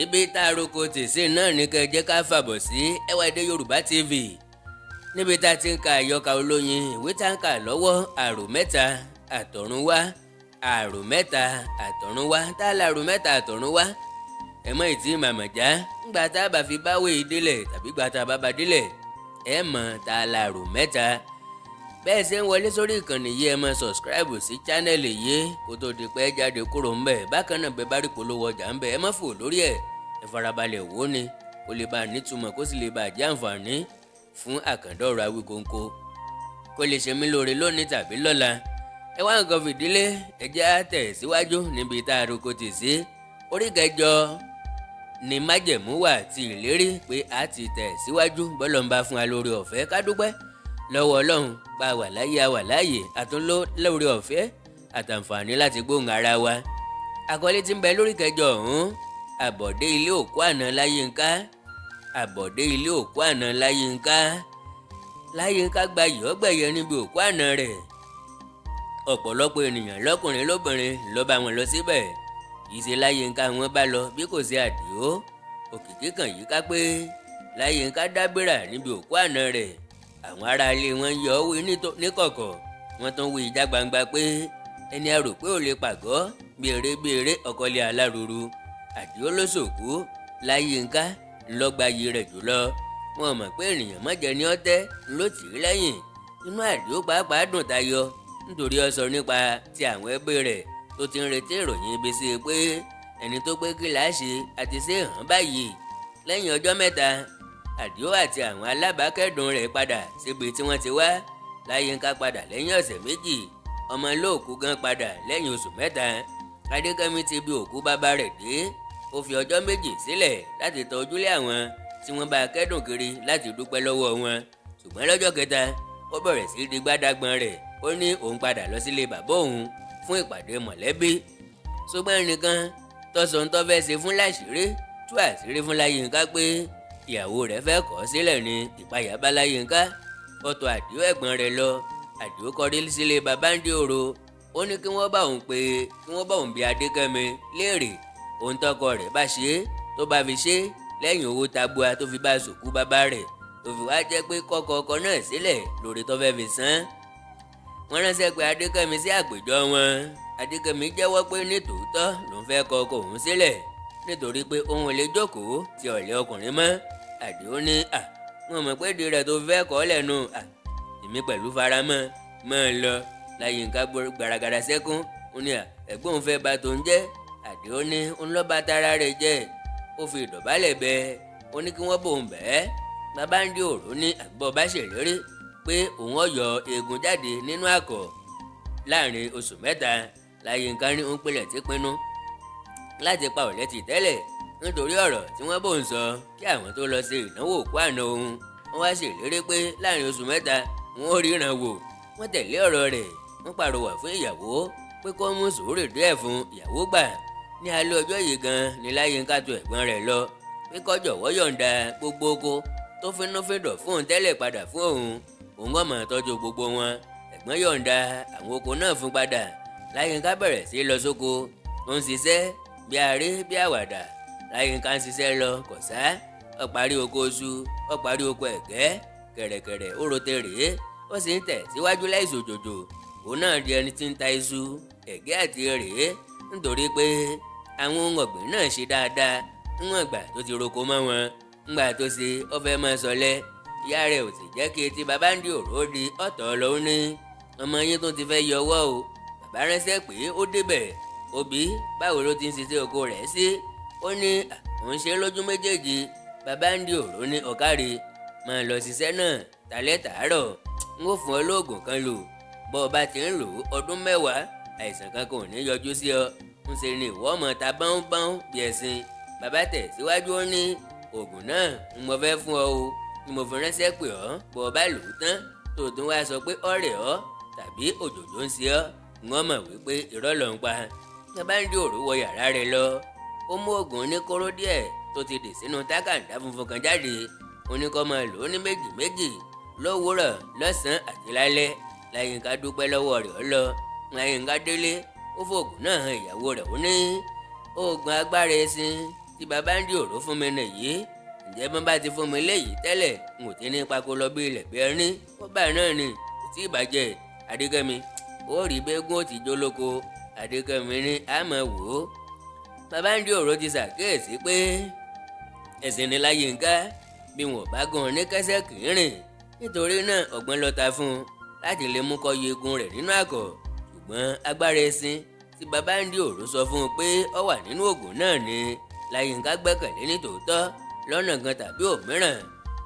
ibi tá a roko tèsè náà ní kẹ́ jẹ́ ká fàbọ̀ sí ẹwà èdè Yorùbá TV níbi tá a ti ń ka àyọkà olóyin ìwé tá a ń kà lọ́wọ́ àrò mẹ́ta àtọ̀run wá àrò mẹ́ta àtọ̀run wá tá a làrò mẹ́ta àtọ̀run wá ẹ mọ ìtì màmàjá ńgbà tá a bá fi báwé délẹ̀ tàbí gbà tá a bá ba délẹ̀ ẹ mọ tá a làrò mẹ́ta bẹ́ẹ̀ ṣe ń wọlé sórí ìkànnì yìí ẹ máa sọ̀sìkírábù sí chánẹ́ẹ̀lì yìí kó tó di pé jáde kúrò ńbẹ̀ bákan náà bẹ́ẹ̀ bá rí polówó ọjà ńbẹ̀ ẹ má fò lórí ẹ̀ ẹ farabalẹ̀ wò ó ni kó lè bá nítumọ̀ kó sì lè bá jẹ́ àǹfààní fún àkàndá ọ̀rọ̀ Awikonko kó lè ṣe mí lóore lónìí tàbí lọ́la ẹ wá nǹkan fìdílé ẹ jẹ́ tẹ̀síwájú níbi tá a roko tì sí orí kẹjọ ni májẹ̀mú wà ti ìlérí pé a ti tẹ̀síwájú bọ́lọ̀ ń bá fún wa lórí ọ̀fẹ́ ká dúpẹ́ lọ́wọ́ ọlọ́run pa wà láyé a wà láàyè àtúnlò lórí ọ̀fẹ́ àtàǹfààní láti gbóhùn ara wa. àkọlé tí ń bẹ lórí kẹjọ ọ̀hún àbọ̀dé ilé òkú àná láyínká àbọ̀dé ilé òkú àná láyínká láyínká gba ìyọ́gbẹ̀yẹ níbi òkú àná rẹ̀ ọ̀pọ̀lọpọ̀ ènìyàn lọ́kùnrin lóbìnrin ló bá wọn lọ síbẹ̀ ìṣe láyínká wọn bá lọ bí kò sí àdìó òkìkí kan yíká pé láyínká dábìrà níbi òkú àná rẹ̀ àwọn aráalé wọn yọ ọ́ wí níkọ̀kọ̀ wọ́n tún wí ìjà gbangba pé ẹni a rò pé ò lè pàgọ́ béèrè béèrè ọ̀kọ́lé aláruru àdìó ló ṣòkú láyé nká ńlọgbàyè rẹ̀ jùlọ wọn mọ̀ pé ènìyàn mọ̀jẹ̀ ní ọtẹ́ ló tì í lẹ́yìn inú àdìó pàápàá dùn tayọ nítorí ó sọ nípa ti àwọn ẹbí rẹ̀ tó ti ń retí ìròyìn ibi sí i pé ẹni tó pé kíláàsì àti sí ìhàn báyìí lẹ́yìn ọjọ́ mẹ́ta àdìó àti àwọn alábàákẹ́dùn rẹ̀ padà síbi tí wọ́n ti wá láyínká padà lẹ́yìn ọ̀sẹ̀ méjì ọmọ olóòkú gan padà lẹ́yìn oṣù mẹ́ta adékẹ́mi ti bi òkú bàbá rẹ̀ dé ó fi ọjọ́ méjì sílẹ̀ láti tọ ojúlé àwọn tí wọ́n bá kẹ́dùn kiri láti dúpẹ́ lọ́wọ́ wọn ṣùgbọ́n lọ́jọ́ kẹta ó bẹ̀rẹ̀ sí di gbádàgbọ́n rẹ̀ ó ní òun padà lọ sílé bàbá òun fún ìpàdé mọ̀lẹ́bí ṣùgbọ́n nìkan tọ́sọ̀ ṣe fún láṣìírí tú àṣírí fún láyínká pé ìyàwó rẹ̀ fẹ́ kọ̀ sílẹ̀ ní ìpayà bálayínká ó tọ̀ àdìó ẹ̀gbọ́n rẹ̀ lọ àdìó kọrí sílé babáńdé òro ó ní kí wọ́n bá òun pé kí wọ́n bá òun bí adékẹ́mi léèrè òun tọkọ rẹ̀ bá ṣe é tó bá fi ṣe é lẹ́yìn owó tabua tó fi bá sòkú bàbá rẹ̀ tó fi wá jẹ́ pé kọ́kọ́ ọkọ náà sílẹ̀ lórí tó fẹ́ fi san wọ́n ránṣẹ́ pé adékẹ́mi sí àpèjọ wọn adékẹ́mi jẹ́wọ́ pé nítòótọ́ lòun fẹ́ kọ ọkọ òun sílẹ̀ nítorí pé òun lè jókòó ti ọ̀lẹ́ ọkùnrin mọ́ àdéhùn ní à wọn mọ̀ pé di rẹ̀ tó fẹ́ kọ́ lẹ́nu à èmi pẹ̀lú faramọ́ mọ́ ẹ lọ láyínká gbaragada sẹ́kún ó ní à ẹ̀gbọ́n fẹ́ ba tó ń jẹ́ àdéhùn ní ń lọ́ ba tara rẹ̀ jẹ́ ó fi ìdọ̀bálẹ̀ bẹ̀ ó ní kí wọ́n bòun bẹ̀ bàbá ń di òru ní àgbọ̀ bá ṣèlérí pé òun ọ̀yọ́ eegun jáde nínú àkọ̀ láàrin oṣù mẹ́ta láyínká ní ó pilẹ̀ tí pinnu láti pa ọ̀rẹ́ ti tẹ́lẹ̀ nítorí ọ̀rọ̀ tí wọ́n bò ń sọ kí àwọn tó lọ ṣe ìdánwò òkú àná òun wọ́n wá ṣèlérí pé láàrin oṣù mẹ́ta wọn ríran wò wọ́n tẹ̀lé ọ̀rọ̀ rẹ̀ wọ́n pàrọwà fún ìyàwó pé kó mú sùúrù díẹ̀ fún ìyàwó gbà ní alẹ́ ọjọ́ yìí gan ni Láyínká tọ̀ ẹ̀gbọ́n rẹ̀ lọ pé kó jọ̀wọ́ gbogbo oko tó fínúfíndọ̀ fún òun tẹ́lẹ̀ padà fún òun òun kò tọ́jú gbogbo wọn ẹ̀gbọ́n yọ̀ǹda àwọn oko náà fún padà Láyínká bẹ̀rẹ̀ sí lọ sóko ó ń ṣiṣẹ́ bí aré bí àwàdà láyínká ń ṣiṣẹ́ lọ kọ̀sá ó parí oko oṣù ó parí oko ẹ̀gẹ́ kẹ̀rẹ̀kẹ̀rẹ̀ ó rote rèé ó sì ń tẹ̀ síwájú láìsò jòjò òun náà di ẹni tí ń ta iṣu ẹ̀gẹ́ àti rèé nítorí pé àwọn ohun ọ̀gbìn náà ṣe dáadáa níwọ̀n ìgbà tó ti roko mọ́ wọn ńgbà tó ṣe ó fẹ́ máa sọlẹ̀ ìyá rẹ̀ ò sì jẹ́ kí etí bàbá ń di òró di ọ̀tọ̀ lọ́wọ́ ní ọmọ yín tó ti fẹ́ yọwọ́ o bàbá ránṣẹ́ pé ó débẹ̀ òbí báwo ló ti ń ṣiṣẹ́ oko rẹ̀ sí ó ní òun ṣe lójú méjèèjì bàbá ń di òró ní ọ̀kárí máa lọ ṣiṣẹ́ náà tàlẹ́ tàárọ̀ n ó fún ọ kan lò bọ́ bá ti ń lò ó ọdún mẹ́wàá àìsàn kankan ò ní yọjú sí ọ ń ṣe ni ìwọ ọmọ ta báúnbáún bí ẹ̀sìn bàbá tẹ̀ síwájú ó ní oògùn náà ń mo fẹ́ fún ọ o ni mo fi ránṣẹ́ pè ọ́ bọ́ ọ bá lò ó tán tó tún wá sọ pé ọ̀rẹ́ ọ tàbí òjòjò ń ṣe ọ ń wọ́n wípé irọ́ ló pa tó bá ń di òru wọ yàrá rẹ̀ lọ ó mú oògùn oníkóró díẹ̀ tó ti dì sínú tákàndá funfun kan jáde ó ní kó máa lò ó ní méjì méjì lówùúrọ̀ lọ́sàn-án àti lálẹ́ láyínká dúpẹ́ lọ́wọ́ rẹ̀ ó lọ láyínká délé ó fòògùn náà han ìyàwó rẹ̀ ó ní oògùn agbára ẹṣin tí bàbá ń di òru fún mi nìyí ǹjẹ́ bí wọ́n bá ti fún mi léyìí tẹ́lẹ̀ n ò ti ní pako lọ bí ilẹ̀ bí ẹni ó bá náà ni kò tí ì bàjẹ́ adékẹ́mi ó rí bẹ́gún ó ti jólóko adékọ̀mí ní àmọ́ wò ó Babáńdé Òró ti ṣàkíyèsí pé ẹ̀sìn ni láyé ń ká bí wọn bá gan ní kẹsẹ̀ kì í rìn nítorí náà ọ̀gbọ́n lọ́ta fún un láti lè mú kọ́ yegun rẹ̀ nínú àkọ́ ṣùgbọ́n agbára ẹ̀sìn tí Babáńdé Òró sọ fún un pé ó wà nínú oògùn náà ni Láyínká gbẹ́kẹ̀lé ní tòótọ́ lọ́nà kan tàbí òmíràn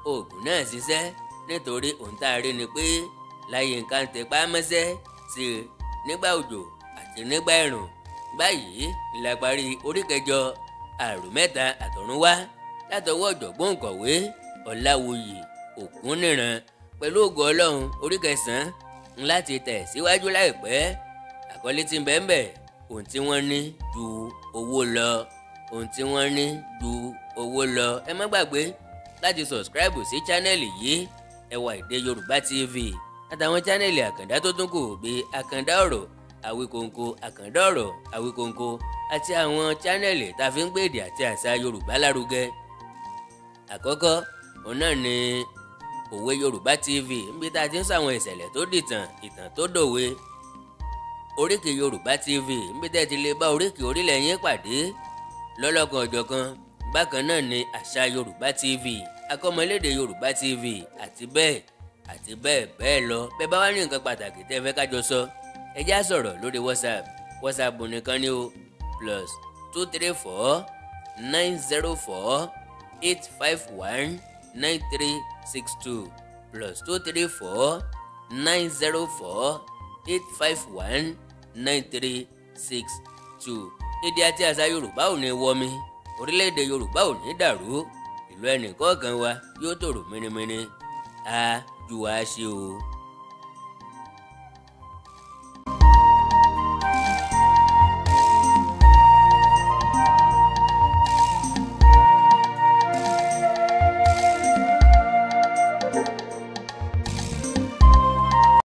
oògùn náà ṣiṣẹ́ nítorí òǹtarí ni pé Láyínká ń tẹpá mọ́ṣẹ́ sí nígbà òjò nígbà ẹ̀rùn báyìí la parí orí kẹjọ àrùn mẹ́ta àtọ̀run wá látọwọ́ ọ̀jọ̀gbọ́n kọ̀wé ọ̀làwòye ògúnníran pẹ̀lú ògo ọlọ́run orí kẹsàn-án láti tẹ̀ síwájú láìpẹ́ àkọlé tí ń bẹ́ẹ̀ bẹ́ẹ̀ ohun tí wọ́n ní ju owó lọ ohun tí wọ́n ní ju owó lọ ẹ má gbàgbé láti sọ̀scribe sí chánẹ́ẹ̀lì yìí ẹwà èdè yorùbá tv àtàwọn chánẹ́ẹ̀lì àkàndá tó tún kù bíi àkàndá ọ̀rọ̀ Awíkonko àkàndọ̀rọ̀ Awíkonko àti àwọn chánẹ́ẹ̀lì tá a fi ń gbé èdè àti àṣà Yorùbá lárugẹ. àkọ́kọ́ òun náà ni òwe Yorùbá TV níbi tá a ti ń sàwọn ìṣẹ̀lẹ̀ tó dìtàn ìtàn tó dòwe oríkì Yorùbá TV níbi tá a ti lè bá oríkì orílẹ̀ yín pàdé lọ́lọ́kan ọ̀jọ̀kan bákan náà ni àṣà Yorùbá TV akọ́mọlédè Yorùbá TV àti bẹ́ẹ̀ àti bẹ́ẹ̀ bẹ́ẹ̀ lọ bẹ́ẹ̀ bá wá ní nǹkan pàtàkì tẹ́ ẹ fẹ́ kájọ sọ. So ẹ já sọ̀rọ̀ lórí whatsapp whatsapp nìkan ni o plus two three four nine zero four eight five one nine three six two plus two three four nine zero four eight five one nine three six two èdè àti àṣà yorùbá ò ní wọmi orílẹ̀-èdè yorùbá ò ní dàrú ìlú ẹnìkọ̀ọ̀kan wa yóò tòrò mìnìmìnì a jù wá ṣe o.